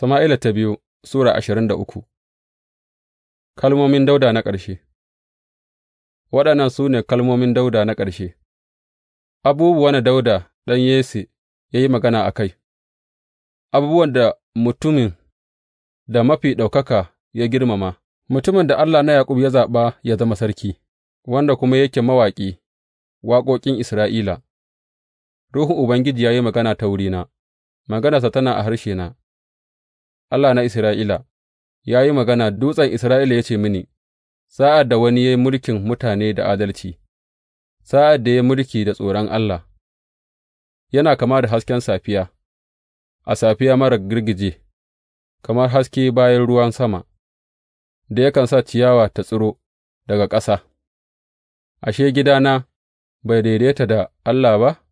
Sama'ila ta biyu Sura ashirin da uku Kalmomin Dauda na ƙarshe Waɗannan su ne kalmomin Dauda na ƙarshe, abubuwan da Dauda ɗan Yesse ya yi magana a kai, abubuwan da mutumin da mafi ɗaukaka ya girmama, mutumin da Allah na Yaƙub ya zaɓa ya zama sarki, wanda kuma yake mawaƙi, waƙoƙin Isra'ila. Ruhun Ubangiji ya yi magana ta wurina, maganarsa tana a harshena. Allah na Isra'ila, ya yi magana, Dutsen Isra'ila ya ce mini, Sa'ad da wani ya yi mulkin mutane da adalci, sa'ad da ya mulki da tsoron Allah, yana kama da hasken safiya, a safiya mara girgije, kamar haske bayan ruwan sama, da yakan sa ciyawa ta tsiro daga ƙasa. Ashe, gidana bai daidaita da Allah ba?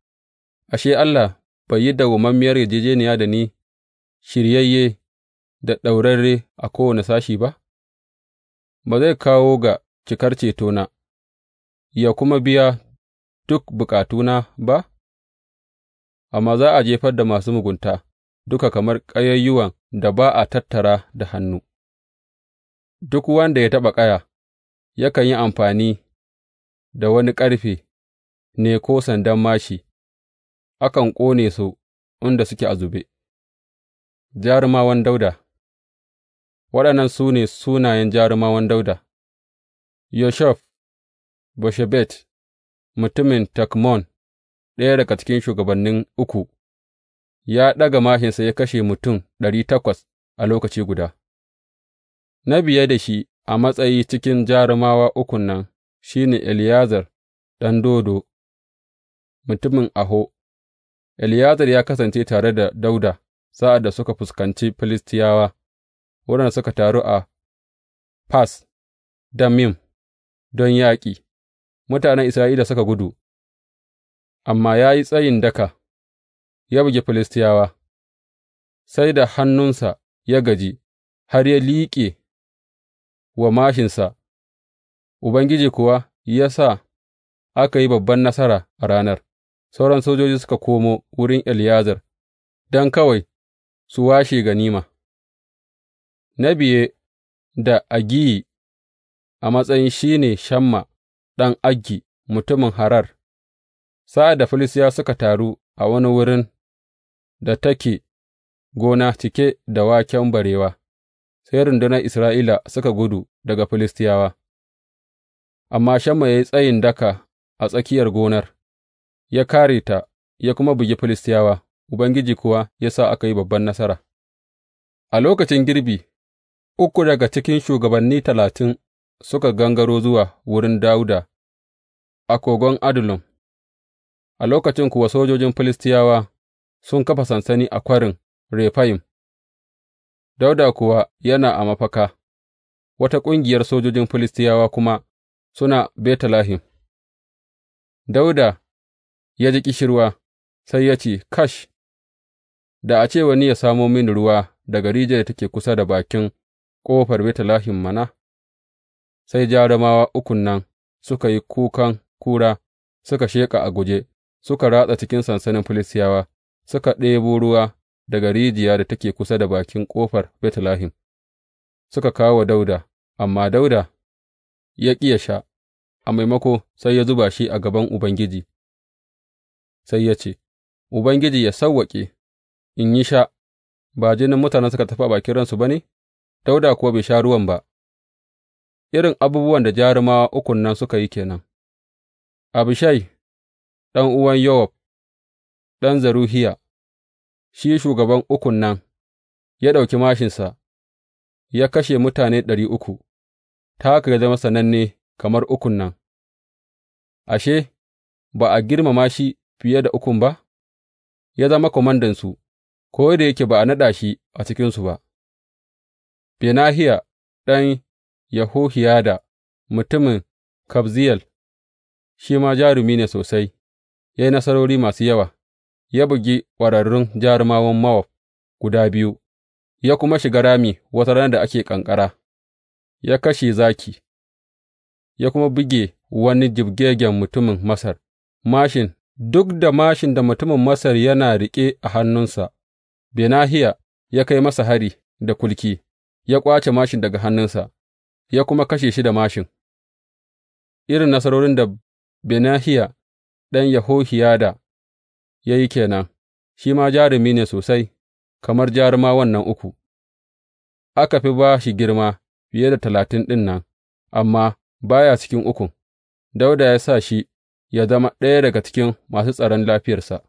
Ashe, Allah bai yi dawwammamiyar yarjejeniya da ni, shiryayye da ɗaurarre a kowane sashe ba? Ba zai kawo ga cikar cetona, ya kuma biya duk bukatuna ba? Amma za a jefar da masu mugunta duka kamar ƙayayyuwan da ba a tattara da hannu, duk wanda ya taɓa ƙaya yakan yi amfani da wani ƙarfe ne ko sandan mashi, akan ƙone su inda suke a zube. Jarumawan Dawuda. Waɗannan su ne sunayen jarumawan Dauda. Yashab Basshebet, mutumin Takmon, ɗaya daga cikin shugabannin uku, ya ɗaga māshinsa ya kashe mutum ɗari takwas a lokaci guda, na biye da shi a matsayi cikin jarumawa ukun nan shi ne Eleyazar ɗan Dodo, mutumin Aho, Eleyazar ya kasance tare da Dauda sa'ad da suka fuskanci Filistiyawa. waɗanda suka taru a Fas Dammim don yaƙi, mutanen Isra'ila suka gudu, amma ya yi tsayin daka, ya buge Filistiyawa, sai da hannunsa ya gaji har ya liƙe wa mashinsa. Ubangiji kuwa ya sa aka yi babban nasara a ranar, sauran sojoji suka komo wurin Eleyazar don kawai su washe ganima. na biye da Agiyi a matsayin shi ne Shamma ɗan Aggi mutumin Harar, sa'ad da Filistiyawa suka taru a wani wurin da take gona cike da waken barewa, sai rundunar Isra'ila suka gudu daga Filistiyawa, amma Shamma ya yi tsayin daka a tsakiyar gonar, ya kare ta ya kuma bugi Filistiyawa, Ubangiji kuwa ya sa aka yi babban nasara. A lokacin girbi. uku daga cikin shugabanni talatin suka gangaro zuwa wurin Dawuda a kogon Adullam, a lokacin kuwa sojojin Filistiyawa sun kafa sansani a kwarin Refayim, Dawuda kuwa yana a mafaka, wata ƙungiyar sojojin Filistiyawa kuma suna betalahim Dauda ya ji ƙishirwa, sai ya ce, Kash, da a ce wani ya samo mini ruwa daga rijiyar da take kusa da bakin ƙofar Betlehem mana, sai jarumawa ukun nan suka yi kukan kura, suka sheƙa a guje, suka ratsa cikin sansanin Filistiyawa, suka ɗebo ruwa daga rijiya da take kusa da bakin ƙofar Betlehem, suka kawo Dauda, amma Dauda ya ƙi ya sha, a maimako sai ya zuba shi a gaban Ubangiji, sai ya ce, Ubangiji ya sawwaƙe, in yi sha, ba jinin mutanen suka tafi a bakin ransu ba ne? Dawuda kuwa bai sha ruwan ba, irin abubuwan da jarumawa ukun nan suka yi ke nan, Abishai uwan Yowab, ɗan zaruhiya, shi shugaban ukun nan, ya ɗauki mashinsa. ya kashe mutane ɗari uku, ta haka ya zama sananne kamar ukun nan, ashe, ba a girmama shi fiye da ukun ba, ya zama komandansu, ko da yake ba a naɗa shi a cikinsu ba. Benahiya ɗan Yehohiyada mutumin Kabzeyel, shi ma jarumi ne sosai, ya yi nasarori masu yawa, ya bugi ƙwararrun jarumawan Mowab guda biyu, ya kuma shiga rami wata ranar da ake ƙanƙara, ya kashe zaki, ya kuma buge wani jibgaggen mutumin Masar Mashin duk da mashin da mutumin Masar yana riƙe a hannunsa, Benahiya ya kai masa hari da kulki. ya ƙwace māshin daga hannunsa, ya kuma kashe shi da māshin, irin nasarorin da Benahiya ɗan Yahohiyada ya yi kenan, shi ma jarumi ne sosai, kamar jarumawan nan uku, aka fi ba shi girma fiye da talatin ɗin nan, amma baya cikin ukun, Dauda ya sa shi ya zama ɗaya daga cikin masu tsaron lafiyarsa.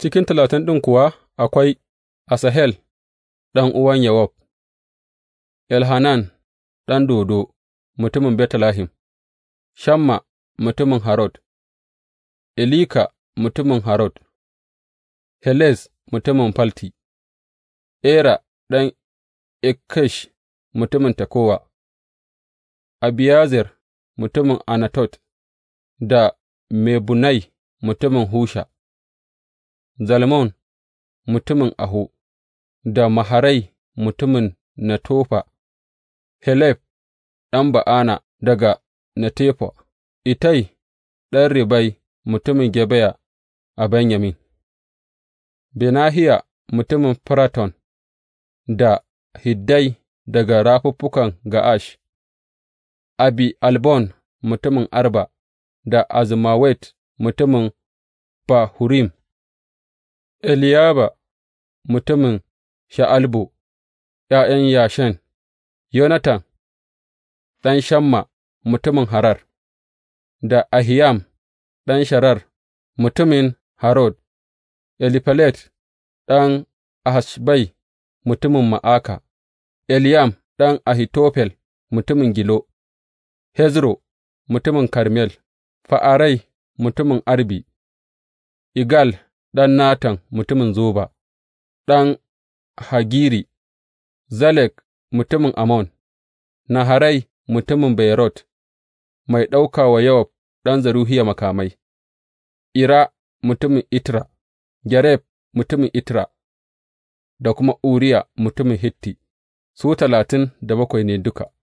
Cikin talatin ɗin kuwa akwai Asahel ɗan'uwan Yowab, Elhanan ɗan Dodo mutumin Betlehem, Shamma mutumin Harod, Elika mutumin Harod, Helez mutumin Falti, Era ɗan Ikkesh mutumin Tekowa, Abiyazir mutumin Anatot da Mebunai mutumin Husha, Zalmon mutumin Aho. da Maharai mutumin Netofa, Helef ɗan Ba'ana daga Netefa, itai ɗan Ribai mutumin Gebeya a Benyamin, Benahiya mutumin Firaton da Hiddai daga rafuffukan Ga'ash, Abi Albon mutumin Arba da Azmawet mutumin Bahurim, Eliyaba mutumin Sha'albu ’ya'yan Yashan, Yonatan ɗan Shamma mutumin Harar, da Ahiyam ɗan Sharar mutumin Harod, Elifalet, ɗan Ahashbai mutumin Ma'aka, Eliyam ɗan Ahitofel mutumin Gilo, Hezro mutumin Karmel, Fa'arai mutumin Arbi, Igal ɗan Natan mutumin Zoba, ɗan Hagiri, Zalek, mutumin Ammon, Naharai mutumin Beyerot, mai ɗauka wa Yowab ɗan Zeruhiya makamai, Ira mutumin Itra, Gareb mutumin Itra, da kuma Uriya mutumin Hitti, su talatin da bakwai ne duka.